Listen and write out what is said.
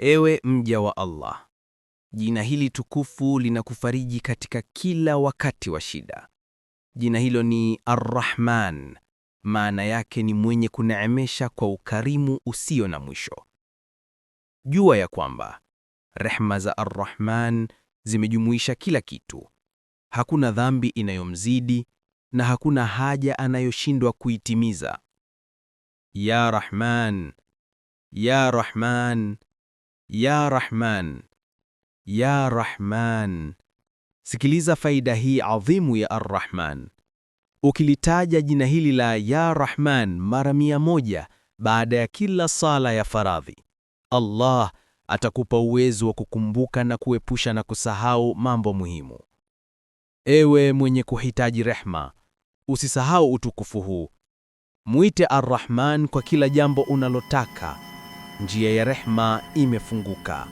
Ewe mja wa Allah, jina hili tukufu linakufariji katika kila wakati wa shida. Jina hilo ni Ar-Rahman, maana yake ni mwenye kuneemesha kwa ukarimu usio na mwisho. Jua ya kwamba rehma za Ar-Rahman zimejumuisha kila kitu. Hakuna dhambi inayomzidi na hakuna haja anayoshindwa kuitimiza. Ya Rahman, ya Rahman ya Rahman, ya Rahman. Sikiliza faida hii adhimu ya Ar-Rahman. Ukilitaja jina hili la ya Rahman mara mia moja baada ya kila sala ya faradhi, Allah atakupa uwezo wa kukumbuka na kuepusha na kusahau mambo muhimu. Ewe mwenye kuhitaji rehma, usisahau utukufu huu. Mwite Ar-Rahman kwa kila jambo unalotaka njia ya rehema imefunguka.